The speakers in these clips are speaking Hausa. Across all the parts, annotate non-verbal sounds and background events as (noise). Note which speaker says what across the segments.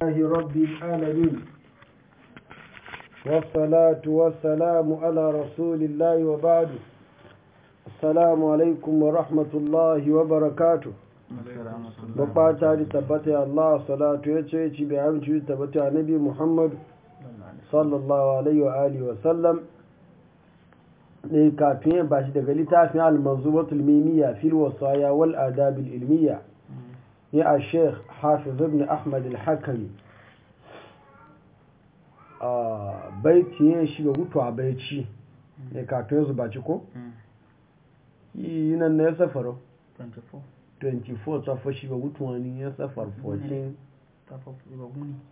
Speaker 1: الله رب العالمين والصلاة والسلام على رسول الله وبعد السلام عليكم ورحمة الله وبركاته بقاتا لتبتع الله صلاة ويتشيتي بعمشي تبتع نبي محمد صلى الله عليه وآله وسلم ne kafin bashi daga littafin al-manzumatul mimiyya fil wasaya wal adabil ilmiyya يا الشيخ حافظ ابن أحمد الحكمي baiti ya shiga gutu a baici ne kafin su baci ko? yi nan na ya safaro? 24 tsafa shiga gutu wani ya safar 14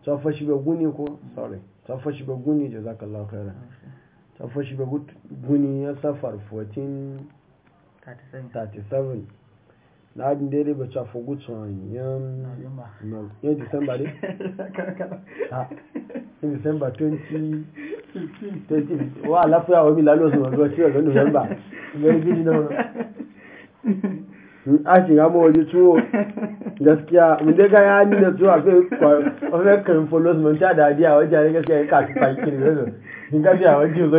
Speaker 1: tsafa shiga guni ko? sorry tsafa shiga guni je za ka laukara tsafa shiga guni ya safar 14 37 Lahadin daidai ba ca fi gutsun yan yan ne? Yan Disamba 20... Wa lafiya wa mi lalosun wa zuwa ga Nuwamba. Gani gidi na wani. A shiga ma waje ciwo gaskiya mun dai ga yani da zuwa sai kan follows mun ta dadiya wajen gaskiya ya kasu fakin ne. Kin gaskiya wajen zo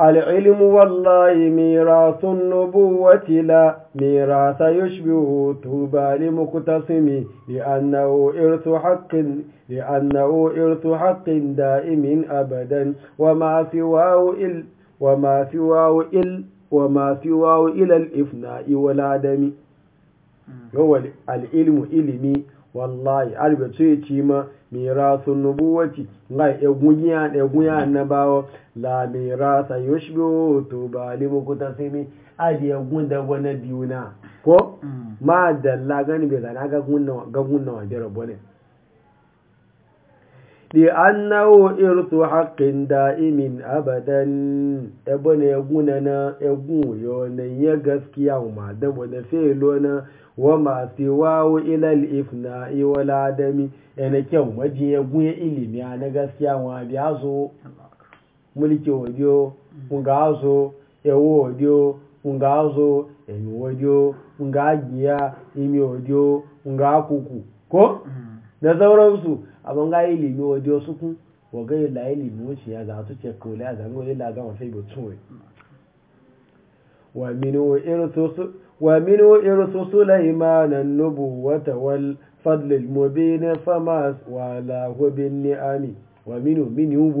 Speaker 1: العلم والله ميراث النبوة لا ميراث يشبه طوبى لمقتسم لأنه إرث حق لأنه إرث حق دائم أبدا وما سواه إل وما سواه إل وما سواه إلى الإفناء والعدم هو العلم إلمي wallahi arbe ce ci ma mirasun nubuwaci la egunya e na annabawa la mirasa yushbu to ba limuku tasimi aji egun da wani biyu na ko mm. ma da la gani bai zana ga gunna wa jira bane di annahu irtu haqqin da'imin abadan ebone eguna na egun yo ne ya gaskiya ma da wani felo na wama siwawo ilal ifna'i wal adami ene kyau maji ya guye ilimi na gaskiya wa biya zo mulki wadiyo nga zo ewo wadiyo nga emi wadiyo nga giya imi wadiyo nga kuku ko da mm. sauransu abin ga ilimi wadiyo suku wa ilimi wuce ya za su ce kula ya zango ila ومنه إرث سليمان النبوة والفضل المبين فما والاه بالنعم ومنه من يوب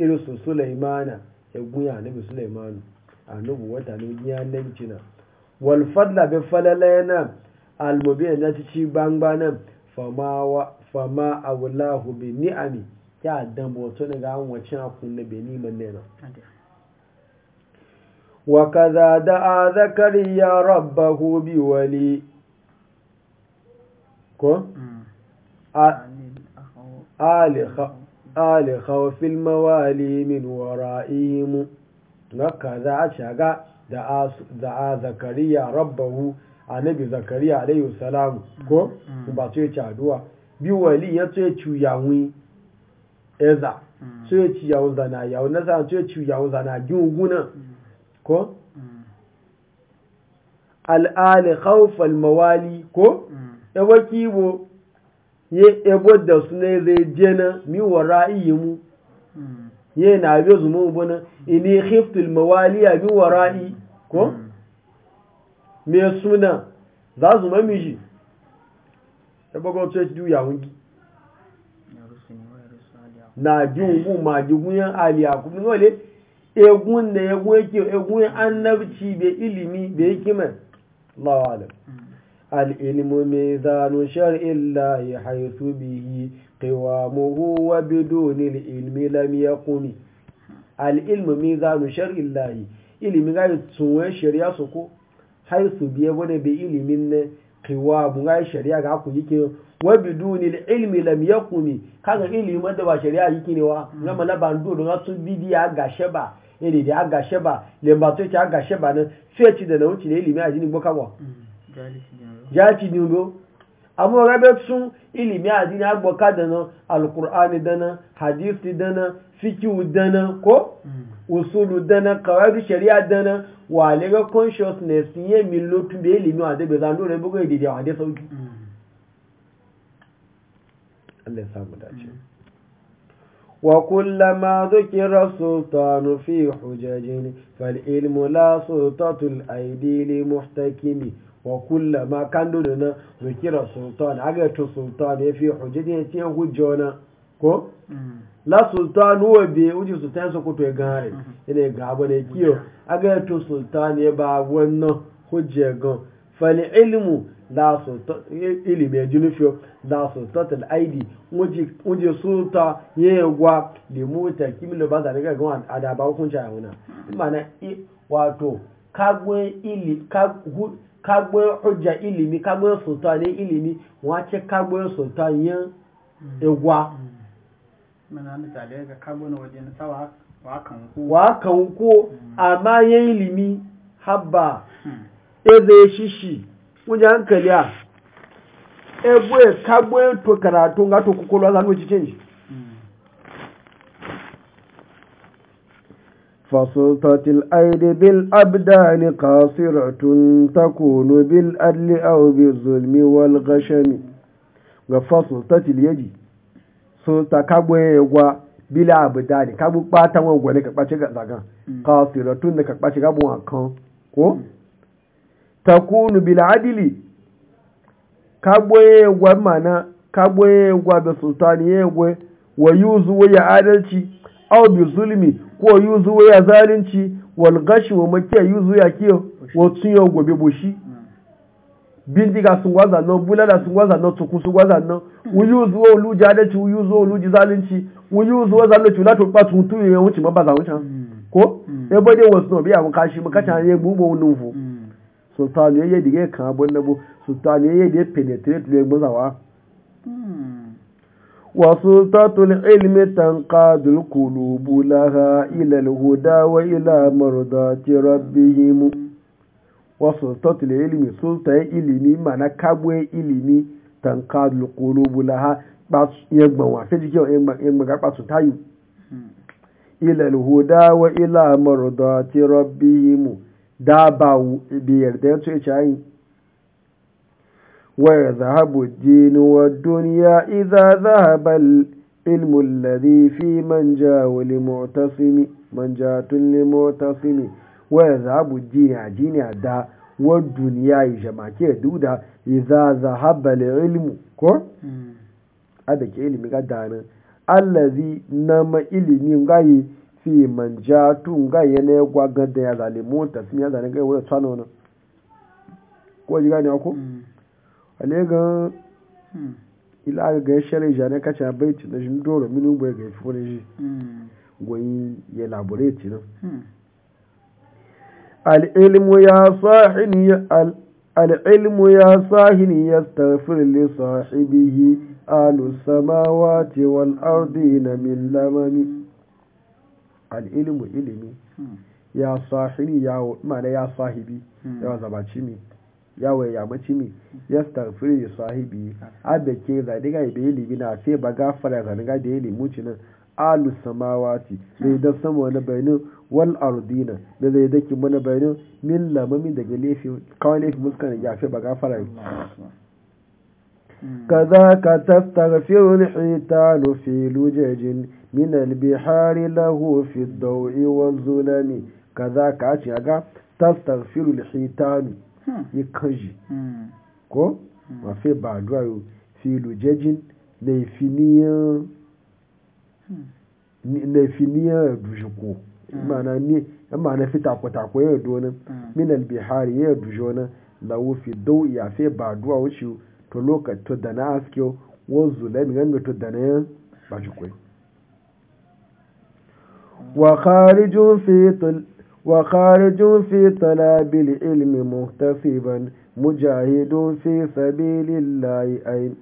Speaker 1: إرث سليمان يقول يا نبي سليمان النبوة نبيا نبينا والفضل بفللنا المبين نتشي بانبانا فما و فما أولاه بالنعم يا دم وتنقع وشاكم نبي نيمان نينا وكذا دعا زكريا ربه بولي كو خ... آل خوف الموالي من ورائهم وكذا شغا دعا, دعا زكريا ربه annabi zakariya alayhi salam ko ba ce ci aduwa bi wali ya ce ci yawun eza ce na sa ce ci yawun zana ko mm. al'ali mawali ko mm. ebo kibo ye ebo da suna zai jena mu mm. ye na abin ini mawali ko me suna za duya na ma wale egun da ya goke egun annabci be ilimi be hikima Allahu alam hmm. al ilmu mizanu shar'illahi haythu bihi qiwamuhu wa biduni al ilmi lam yaqumi al ilmu mizanu shar'illahi ilimi ga tsuwe shari'a su ko haythu yabo wani be ilimin ne kiwa bunga shari'a ga ku yake wa biduni ilmi lam yakuni kaga ilimi da ba shari'a yake ne wa na mala ban do don su bidiya ga sheba ede da ga sheba le ba to ta ga sheba ne feti da nauci ne ilimi ajini boka ba jati ni bo amma rabe sun ilimi ajini agboka da na alqur'ani da na hadisi da na fikiu dana ko hmm. usulu dana kawai shari'a dana wa lega consciousness ye mi lotu be ilimi wa debe zan dole bugo idide wa de sauki hmm. Allah ya samu dace hmm. wa kullama dhukira sultanu fi hujajin fal ilmu la sultatu al aidi li muhtakimi wa kullama kando dana dhukira sultan aga to sultan ya fi hujajin ya ce hujjona ko Mm. la sultan huwa bi uji sultan sokoto ya gare mm-hmm. ina ga ba ne kiyo mm-hmm. aga to sultan ba gan fali ilmu la sultan ilimi ya junufio la sultan al aidi uji uji ya gwa ba da ga mana wato kagwe ili hujja ilimi sultan ilimi sultan egwa wa kanko mm. amma ya yi limi habba mm. eze shishi wajen hankali a egwe kagbo to karatu ga to kokolo za no change فسلطة الأيد بالأبدان قاصرة تكون بالأدل أو بالظلم والغشم وفسلطة yaji. sun ta kagbo ya gwa bila abuda ne kagbo kpata wọn gwale ka ga zagan mm. ka siratun da ka kpace gabon a kan ko mm. takunu bila adili kagbo ya mana kagbo ya gwa da sultani ya gwa wa yuzu ya adalci aw bi zulmi ko yuzu ya zalunci wal gashi wa makiya yuzu ya kiyo wa tun ya gobe boshi bindiga sun gwaza no bulala sun gwaza no tukun sun gwaza no uyu zuwa olu jadeci uyu zuwa olu jizalinci uyu zuwa zalunci lati pa tun tu yen wuce ma za wuce mm. ko mm. e bode was no biya mun kashi mun kacha mm. ye gbubo unufu sultan ye dige kan abon nabo sultan ye dige penetrate le gboza wa wa sultatul ilmi tanqadul qulubu laha ila al-huda wa ila mardati rabbihim wasu tattula ilimi sultan ilimi mana kagwe ilimi tanka lukuru bulaha gbanwa fi jike yagban ga ɓasu tayu ilal huda wa ila maruda ti rabbihimu da ba bi yarda yanzu ya cayi waya zahabu dinu wa duniya idza zahaba ilmu alladhi fi wa li mu'tasimi tun wa zahabu jini jina da wa duniya yi jamake duda idza zahaba ilmu ko hmm. ada ke ilimi ga dana allazi nama ilimi gayi fi manja tun gayi ne gwa gada ya zalimu tasmiya zane gayi wa tsano na ko ji gani ako hmm. ale ga hmm. ila ga shere jane kacha baiti na jindoro minu bai ga fi wani ji goyi ya laborate na العلم يا صاحن العلم يا صاحن يستغفر لصاحبه آل السماوات والأرضين من لمم العلم علمي ya sahiri yawo mana ya sahibi yawa zabaci mi yawo ya maci mi ya starfiri ya sahibi abe ke za diga ibe ilimi na fe ba gafara za diga da ilimi muci nan halu samawati zai da sama wani bainu wal ardina da zai da ki mana bainu min lamami daga lefi kawai lefi muska ne gafe ba gafara yi hmm. kaza ka tastaghfiru hita hitanu fi lujajin min al-bihari lahu fi ad-dawi wal-zulami kaza ka ci ga tastaghfiru al-hitanu hmm. yi kaji hmm. ko wa fi ba duwa fi lujajin da fi Mm. na nefiniya dujuku mana ni mana fi tako tako ya dona mm. min al bihari ya dujona la wufi dau ya fe ba duwa wuce to lokaci to da na askiyo wanzu da mi ganga to da na ba jukwai wa kharijun fi talabil ilmi muhtasiban mujahidun fi مجاهد في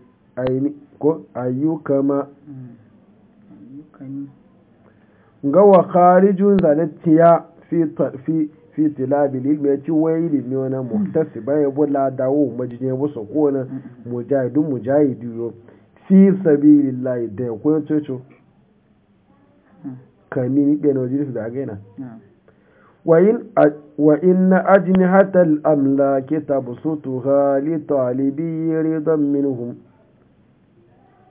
Speaker 1: gawa kharijun zalatiya fi tarfi fi tilabil ilmi ci wai ilmi wani muhtasi bai bula dawo majinye bu su ko na mujahidun mujahidi yo fi sabili lai da ya kuwa cocho kami ni ɗaya na wajen su da gaina wa inna ajini hata al'amla ke ta bu su tu hali talibi yi ridon minuhun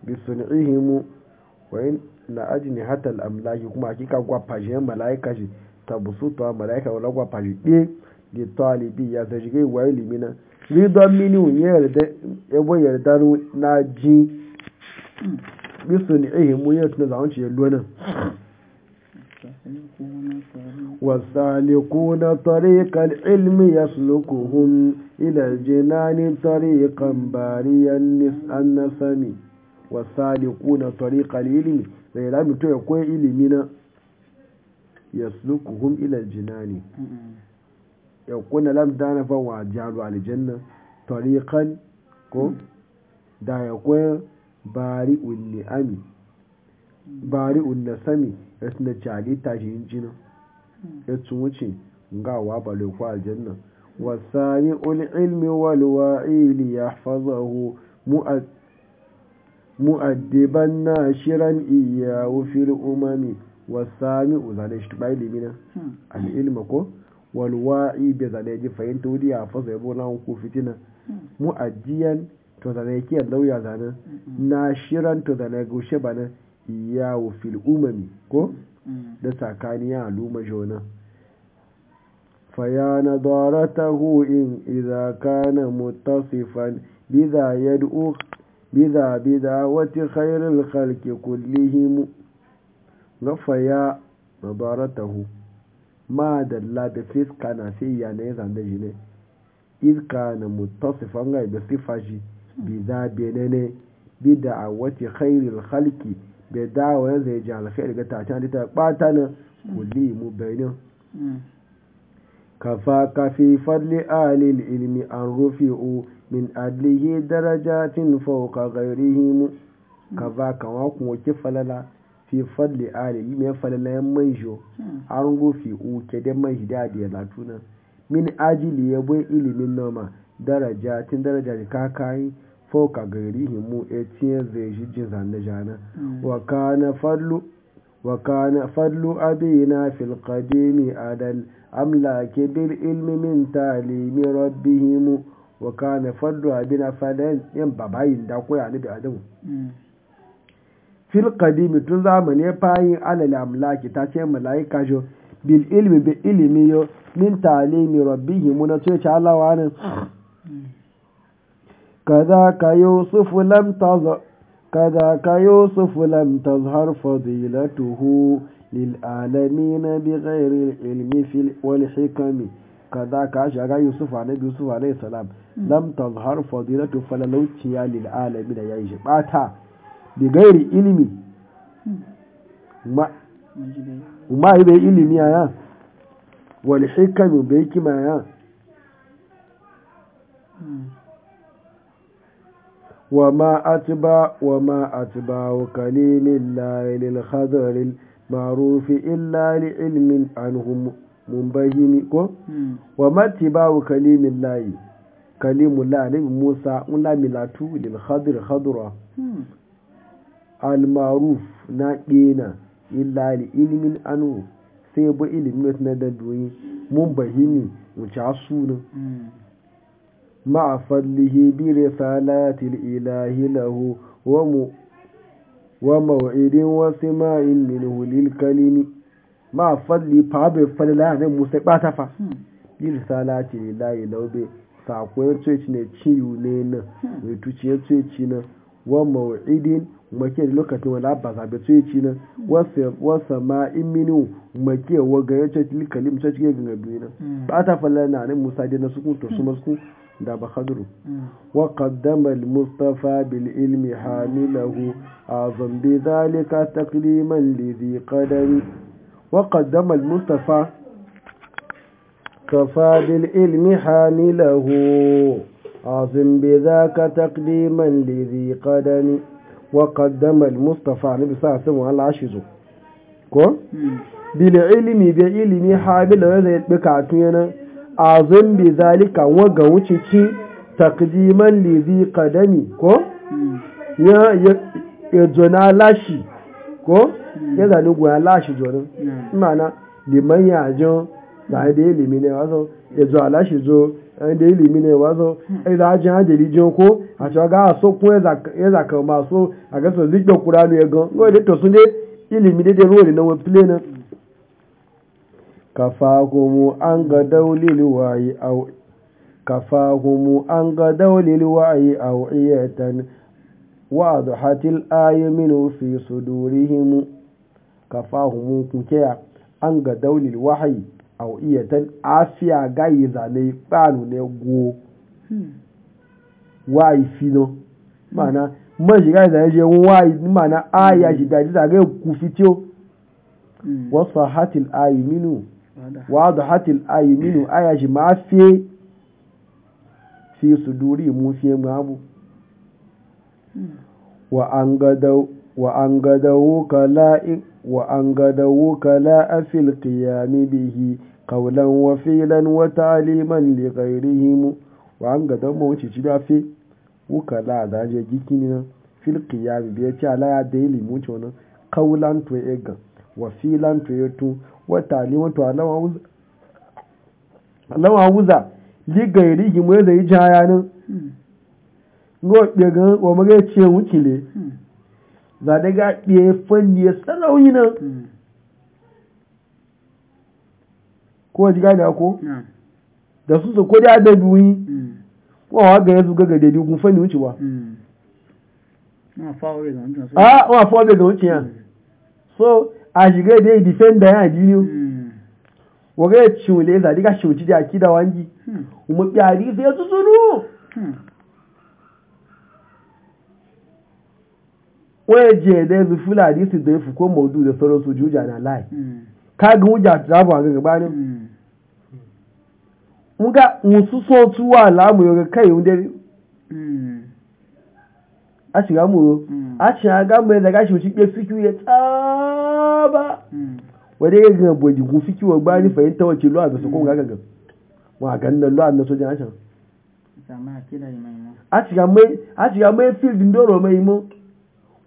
Speaker 1: bisu ni ihimu wa inna aji ajini hatal amlaki kuma hakika gwafaje malaika ta tabusuta malaika wala gwafaje ɗe da talibi ya ta shiga wa ilimi na ridon mini yabo yarda na ji bisu ni ihe mu yi tuna zaun ce yallo nan والسالكون طريق العلم يسلكهم إلى الجنان طريقا باريا النسمي والسالكون طريق العلم sai ya lamito ya koyi ilimi na hum ilal jinani ya kuna lam dana fa wa jalu aljanna tariqan ko da ya koyi bari unni ami bari unna sami yasna chali tashin jina ya tsuwuce ngawa bale ko aljanna wasani ul ilmi wal wa'ili yahfazahu mu'ad mu'addiban nashiran iyahu fil umami wasami'u zane shi tuba ilimi al'ilma hmm. ko walwa'i bai zane ji fahimta wuri a fasa yabo na ko fitina hmm. mu'addiyan to zane kiyar lauya zane hmm. nashiran to zane gushe bane iyahu fil umami ko da tsakaniya al'umma jona فيا نضارته إن إذا كان متصفا بذا يدعو bida bida wata khairul khalki kullihim gafaya mabaratahu ma dalla da fiska na sai ya ne zanda shi ne iska na mutasifan ga da sifa bida benene bida a wata khairul khalki bai dawo yanzu zai ji alkhairu ga ta can ta kwata na kullihim bainin كفاك في فضل آل العلم أن رفعوا من أدله درجات فوق غيرهم كفاك وكم falala fi fadli ali yi mai falalayen mai an rufe uke da mai hidadi ya latuna min ajili ya bai ilimin noma daraja tun daraja da kakayi fauka gari himu a tiyan zai shi jin zane wa kana fadlu abina fil qadimi adal amlake bil ilmi min talimi rabbihim wa kana fadlu abina fadan yan babayin da koya ni da adamu fil qadim tun zamani ya fayin alal amlaki ta ce malaika jo bil ilmi bi ilmi yo min talimi rabbihim na ce cha Allah wani kaza ka yusuf lam tazhar kaza ka yusuf lam tazhar للعالمين بغير العلم في والحكم كذاك عشر يوسف عليه يوسف عليه السلام lam tazhar fadilatu falalauciya lil alami da yayi shibata bi gairi ilimi ma ma bai ilimi ya wal hikam bai kima ya wa ma atba wa ma atba kalimin la lil khadril ma'rufi illa li ilmin anhum munbahimi ko wa matiba'u kalimin layi kalimun la musa ula milatu lil khadir khadra al na kina illa li ilmin anhu sai bu ilmin na da doyi munbahimi wuce bi risalatil ilahi lahu wa mu وموعد وسماع منه للكلم ما فضل فابر فضلا ne musa bata fa hmm. irsala ce lillahi laube sako ya ce ne ciyu ne nan mai hmm. tuci ya ce ci nan wa mau'idin kuma da lokacin wala ba zabe ce ci nan hmm. wa sama'in wa ga ga nan bata na ne musa na to su masku da ba khadru mm. wa qaddama al-mustafa bil ilmi hamilahu azam bi dhalika taqliman li dhi qadari wa qaddama al-mustafa kafa bil ilmi hamilahu azam bi dhaka taqliman li dhi qadani wa qaddama al-mustafa nabi sallallahu alaihi wasallam ashizu
Speaker 2: ko mm.
Speaker 1: bil ilmi bi ilmi hamilahu zai bi katun azun bi zalika waga wuce ci takdiman lizi kadami ko ya jona lashi ko ya zane goya lashi jonin mana liman yajin da ya na ya limine wazo ya alashi lashi zo an da ya limine wazo ai da ajin hajjali jin ko a cewa ga a so kun ya zaka so a gasar zikbe kuranu ya gan wai da to sun dai ilimi daidai ruwa ne na كفاهم أن غدول الوعي أو كفاهم عن غدول الوعي أوعية وأضحت الآية منه في صدورهم كفاهم كنكيا عن غدول الوحي أوعية عافية غايزة نيبانو نيغو وعي فينو معنى man shiga da yaje wayi mana aya shiga da ga ku fito wa sahatil ayiminu wadu hatil ayuminu aya shi ma fiye fi su duri mu fiye mabu hmm. wa an gada gadawo kala a fil qiyami bihi kaulan wa filan wa taliman li ghairihim wa an gada mu ci ci da fi wukala da je gikini na fil qiyami bihi ci ala ya da ilimu ci wannan kaulan to egan wa filan toyoto wata limatu alawa wuza ligairi gimwe da yi jayanin hmm. ngo daga wa maga ce wukile hmm. za daga ɗaya fanni ya sarauni nan hmm. ko ji gane ko da su su ko da da duyi wa ga yanzu ga gade dugun fanni wucewa a wa fawo ga wuciya ah, so a shiga da yi defender ya dini wa ga cin le za diga cin ci da ki da wangi mu kyari sai ya tsuru waye je da yanzu fulani su da fi ko maudu da sauran su juja na lai ka ga wuja ta ba ga gabanin muga musu so tuwa lamu yoga kai wunde a shiga mu a shiga ga mai daga shi mu ci ke fikiyu ya tsara ba wani ya ga bodi gufi kiwo gbani hmm. fahimta wace lo a bisa ko gaga gaba ga gannan lo a na sojan ashan a shiga mai field ndoro mai mu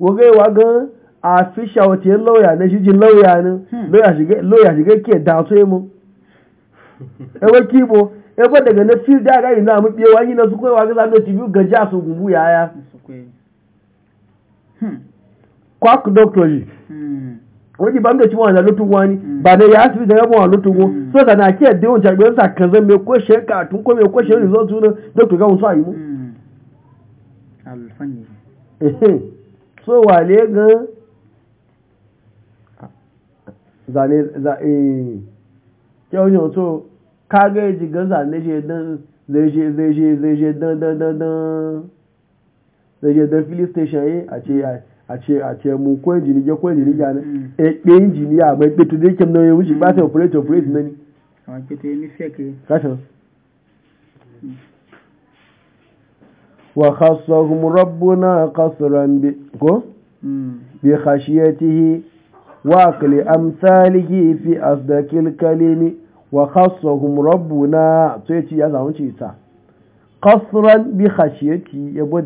Speaker 1: wagai wa gan a fisha wace yin lauya na shi jin lauya ne lauya shiga ke da so yi mu (laughs) ewa kibo ewa daga na field da gari na mu biye wani na su kai wa gaza noti biyu gaji a su gumbu yaya hmm. kwaku doctor wani ba mda cimwa na lutun wani ba da ya asibi da yabon a lutun go so da na kiyar da yawan jami'an sa kan zan mai kwashe katun ko mai kwashe result na doctor gawun su a yi mu mm. so wale ga zane za eh yau so kaga jiga zane shi dan zai shi zai je zai je dan dan dan dan zai yi a ce ya àti àti ẹmu kó ìjìnìjẹ kó ìjìnìjà ní ẹgbẹ́ ìjìnìyà àmọ́ ẹgbẹ́ tó dé kí ẹmu náà yẹ wíṣì pàṣẹ ọ̀pọ̀lẹ́tì ọ̀pọ̀lẹ́tì náà ni.
Speaker 2: àwọn ẹgbẹ́ tó yẹ ní fẹ́ẹ̀kẹ́.
Speaker 1: káṣán. wà á sọ kó. bí kàṣíyẹ ti hi wà kìlì amsáàlì kì fi àsìdàkìlì kálí ni wà ta tó yẹ ti yà láwọn ti ta. kásùrán bí ti yẹ bọ́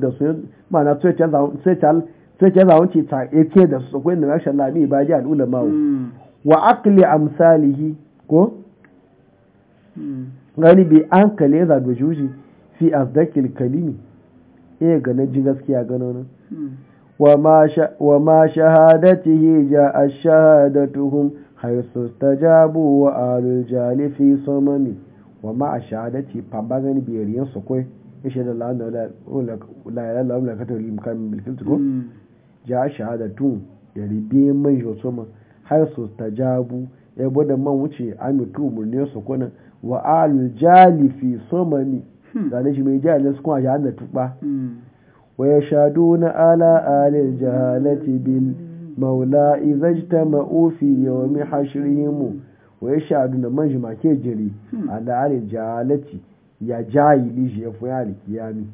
Speaker 1: sai ke zawon ce ta ake da su kwai da rashin lami ba ji al'ula mawu wa a amsalihi ko gani bi an kale za da juji fi azdakil kalimi eh ga na ji gaskiya gano nan wa ma shahadatihi ja ashhadatuhum ta tajabu wa alul jali fi samami wa ma a fabba gani bai riyan su kwai ishe da la'an da la ilaha illa allah ko ja shahadatu ya ribe mai josoma har su ta jabu ya bude man wuce amitu murni su kuna wa alu jali fi somani gane hmm. shi mai jali su kuma jihar da tuba hmm. wa ya shadu na ala alil jahalati bil maula izajta ma'ufi yawami hashirimu wa ya shadu na man jima ke jiri hmm. ala alil jahalati ya jahili shi ya fi ya kiyami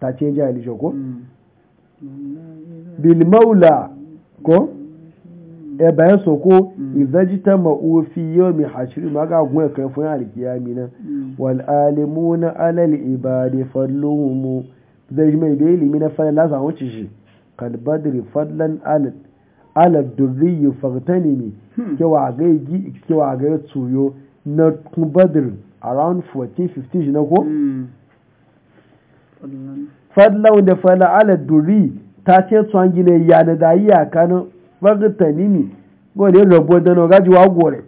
Speaker 1: ta ce jahili shi ko bil maula ko e bayan soko izajita o fi hashiri ma ga gun kan fun alqiyami na wal alimuna alal ibadi fadluhum zai mai belimi ilimi na fara na samu ci shi kal badri fadlan al ala durri faghtanimi wa ga gi wa ga tsuyo na kun around 14 15 na ko fadlau da fala ala duri ta ce tsohon gine ya da yi a kanu fagita nimi gode rabu da na gaji wa gore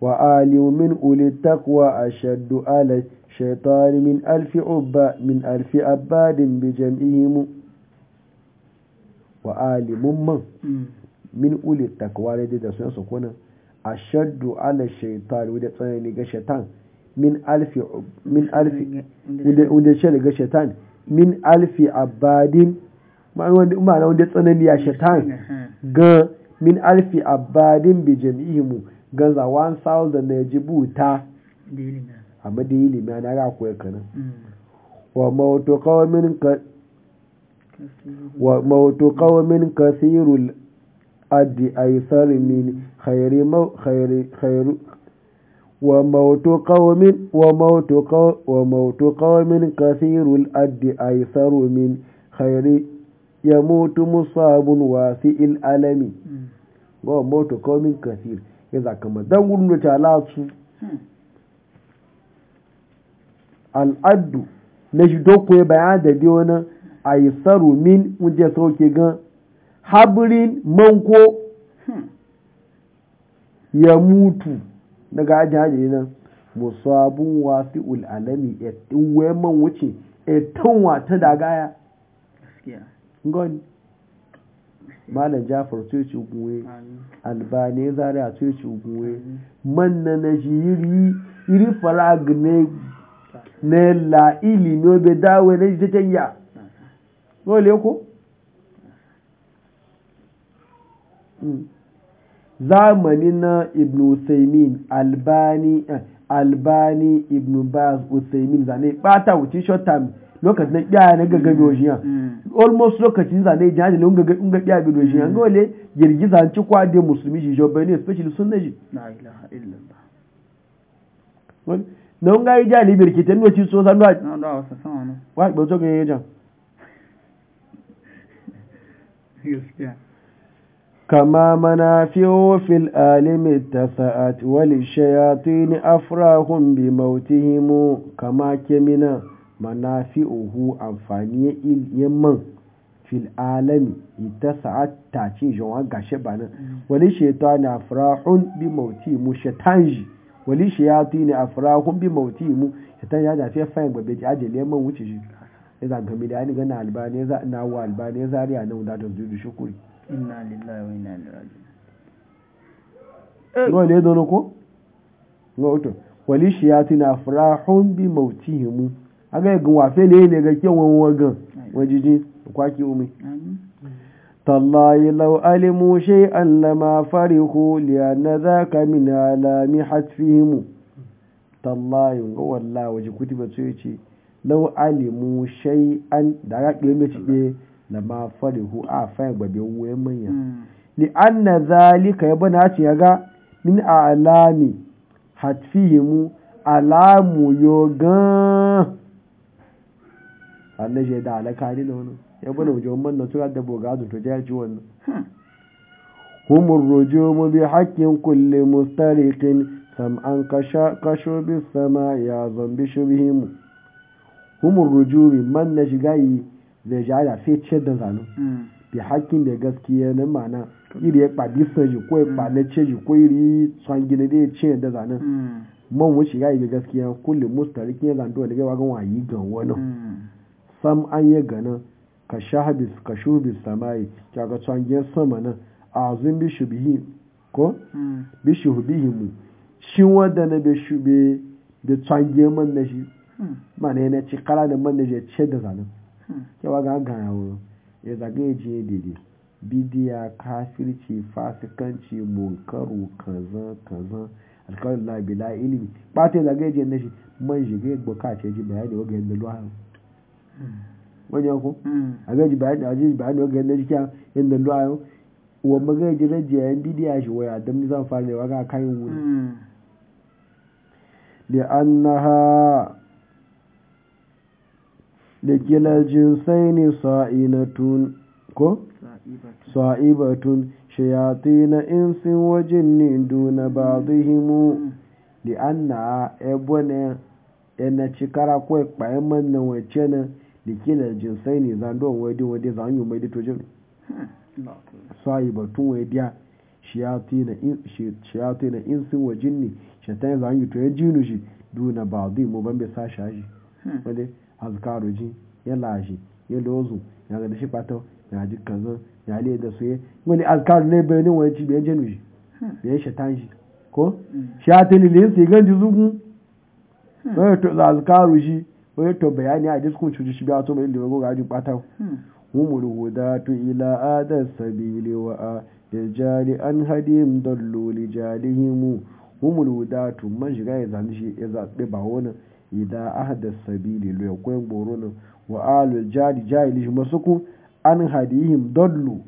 Speaker 1: wa aliyu min uli takwa a shaddu ala shaitari min alfi ubba min alfi abadin bi jam'ihimu wa alimun man min uli takwa da da sunan su a shaddu ala shaitari wadda tsanani ga shaitan min alfi min alfi wanda shi daga shaitan min alfi abadin ma'ana wanda tsanani ya shaitan ga min alfi abadin bi jami'ihimu ga za 1000 na ya jibuta a madayili ga koyar hmm. wa mawutu kawamin ka قوم كثير الأد أيسر من وموت قوم وموت قوم وموت قوم كثير الأد أيسر من خير يموت مصاب واسع الألم وموت قوم كثير إذا كما دنقل نتعلات الأد قوي بعد ديونا أيسر من مجسوك حبر منكو يموت daga aji haji nan musabun wasi ul'alami ya tuwe man wuce ya wata da gaya gani malam jafar tuci guwe albani zari a tuci guwe man na na jiri iri farag ne na la ilimi obe dawe na jikin ya wale ko? zamanin na ibn usaimin albani eh, albani ibn baz usaimin zane bata wuce short time lokacin na ya na gaga ya almost lokacin zane jihadi ne unga kiya biyojiya ga wale mm. girgiza an ci kwade musulmi shi jo bane especially
Speaker 2: na ji
Speaker 1: na unga yi ke ta wacin so zan wa wa (laughs) ga كما منافعه في الآلم اتسعت وللشياطين أفراهم بموتهم كما كمنا منافعه أنفاني اليمن في الآلم اتسعت تاتي جوان غشبانا وللشيطان أفراهم بموتهم شتانج وللشياطين أفراهم بموتهم شتانجي هذا في فاين ببيت عجل اليمن وتجي إذا كمداني غنى ألباني إذا ناوى ألباني إذا ريانا ودادون دودو شكوري
Speaker 2: inna lillahi wa inna ilaihi raji'un
Speaker 1: eh. no le dono ko no oto wali shiyatina farahun bi mautihim aga gun wa fe le ne ga ke won won gan wajiji kwaki umi tallahi law alimu shay'an lama farihu li anna dhaka min alami hatfihim tallahi ga wallahi waje kutiba ce ce law alimu shay'an da ga kiyo ne na ma farihu a fayin babe wuyan manya hmm. li anna zalika ya bana ya ga min alami hatfihimu alamu yogan annaje da alaka ne da wani ya bana wajen manna su da boga da to jaji wannan هم الرجوم بحق bi مسترق سمعا كشرب السماء يعظم rojo هم manna shiga yi. zai ja ya sai ce da zanu mm. bi hakkin da gaskiya na mana iri ya kpadi sanji ko ya mm. kpale ceji ko iri tsangina da ya ce da zanu man mm. wuce ya yi gaskiya kullum mustarikin ya zanto da gaiwa gan wayi ga wani sam an yi gana ka shahabis ka shubis samayi kaga tsangin sama nan a zun bi shubihi ko bi mu shi wanda na bi shube da tsangin man na shi mana yana ci kala da man da shi ce da zanu cewa ga garawo ya zagaye je dede bidiya kafirci fasikanci munkaru kaza kaza alkawarin labila ilimi ɓata ya zagaye je na shi man shiga ya gbaka ce ji bayani waga yadda luwa wani yanku a gaji bayani a ji da waga yadda shi kyan yadda luwa yau wa magaji rajiyayen bidiya shi waya don zan fara da waga kayan wuri hmm. li'annaha da kilajin sai ne sa'inatun ko? sa'ibatun shayati na insin wajen ne duna ba zuhimu da an na ebo na yana cikara ko ikpayen manna wace na da kilajin sai ne zandon wadin wadin zanyi mai ditojin hmm. sa'ibatun wadiya shayati na insin wajen ne shatan zanyi to ya jinu shi duna ba zuhimu ban bai sa shashi hmm. wadai azkaru ji ya lashi ya lozu ya ga da shi kwato ya ji kaza ya le da su wani azkaru ne bai ne wani ci bai jenu shi hmm. bai shaitan hmm. shi ko tani lilin sai gan ji zugun hmm. wani to azkaru shi wani to bayani a diskun cuci shi biya to mai lura ga ji kwata humul to ila adar sabili wa a jali an hadim dallo lijalihimu humul hudatu man shiga ya zane shi ya zaɓe ba wani idan ahda sabili lo yakwai nan wa alu jari shi masuku an hadihim dollu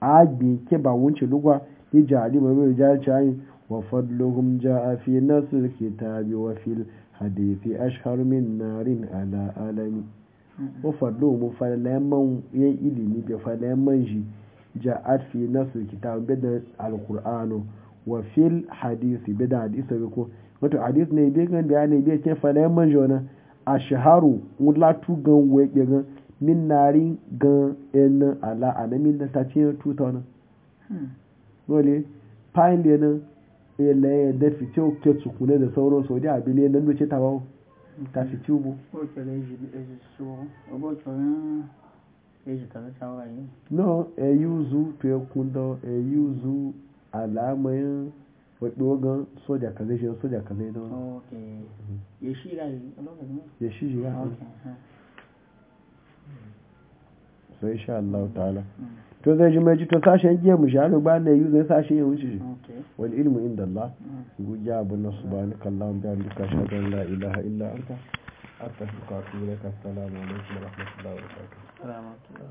Speaker 1: agbi ke ba wunce lugwa ni jali ba mai jali chai wa fadluhum ja'a fi nasl kitabi wa fil hadithi ashhar min narin ala alami wa fadluhum falaman ya ilimi bi falaman ji jaa fi nasl kitabi bi da alqur'anu wa fil hadithi bi da ko wato hadis ne bai gan bayani ne ce fa nan manjo na a shaharu wulatu gan weke gan min nari gan en ala anamin da ta ce tuta na dole pain da nan hmm. ila e ya da fice ke tsukune da sauran saudi a biliyan nan doce ta bawo ta fice bu no e yuzu to ya kundo e yuzu alamayin waɗo dogon soja kaza shi soja kaza da
Speaker 2: wani mhm. ya shi ga
Speaker 1: so insha Allah ta'ala mm. to zai ji mai ji to sashen giya mu shi hannu ba na yi zai sashen ya wuce shi wani ilmu inda Allah guja abu na su bani kallon biyan duka
Speaker 2: shaɗan la ilaha illa anta astaghfiruka wa atubu ilaik assalamu alaikum wa rahmatullahi wa barakatuh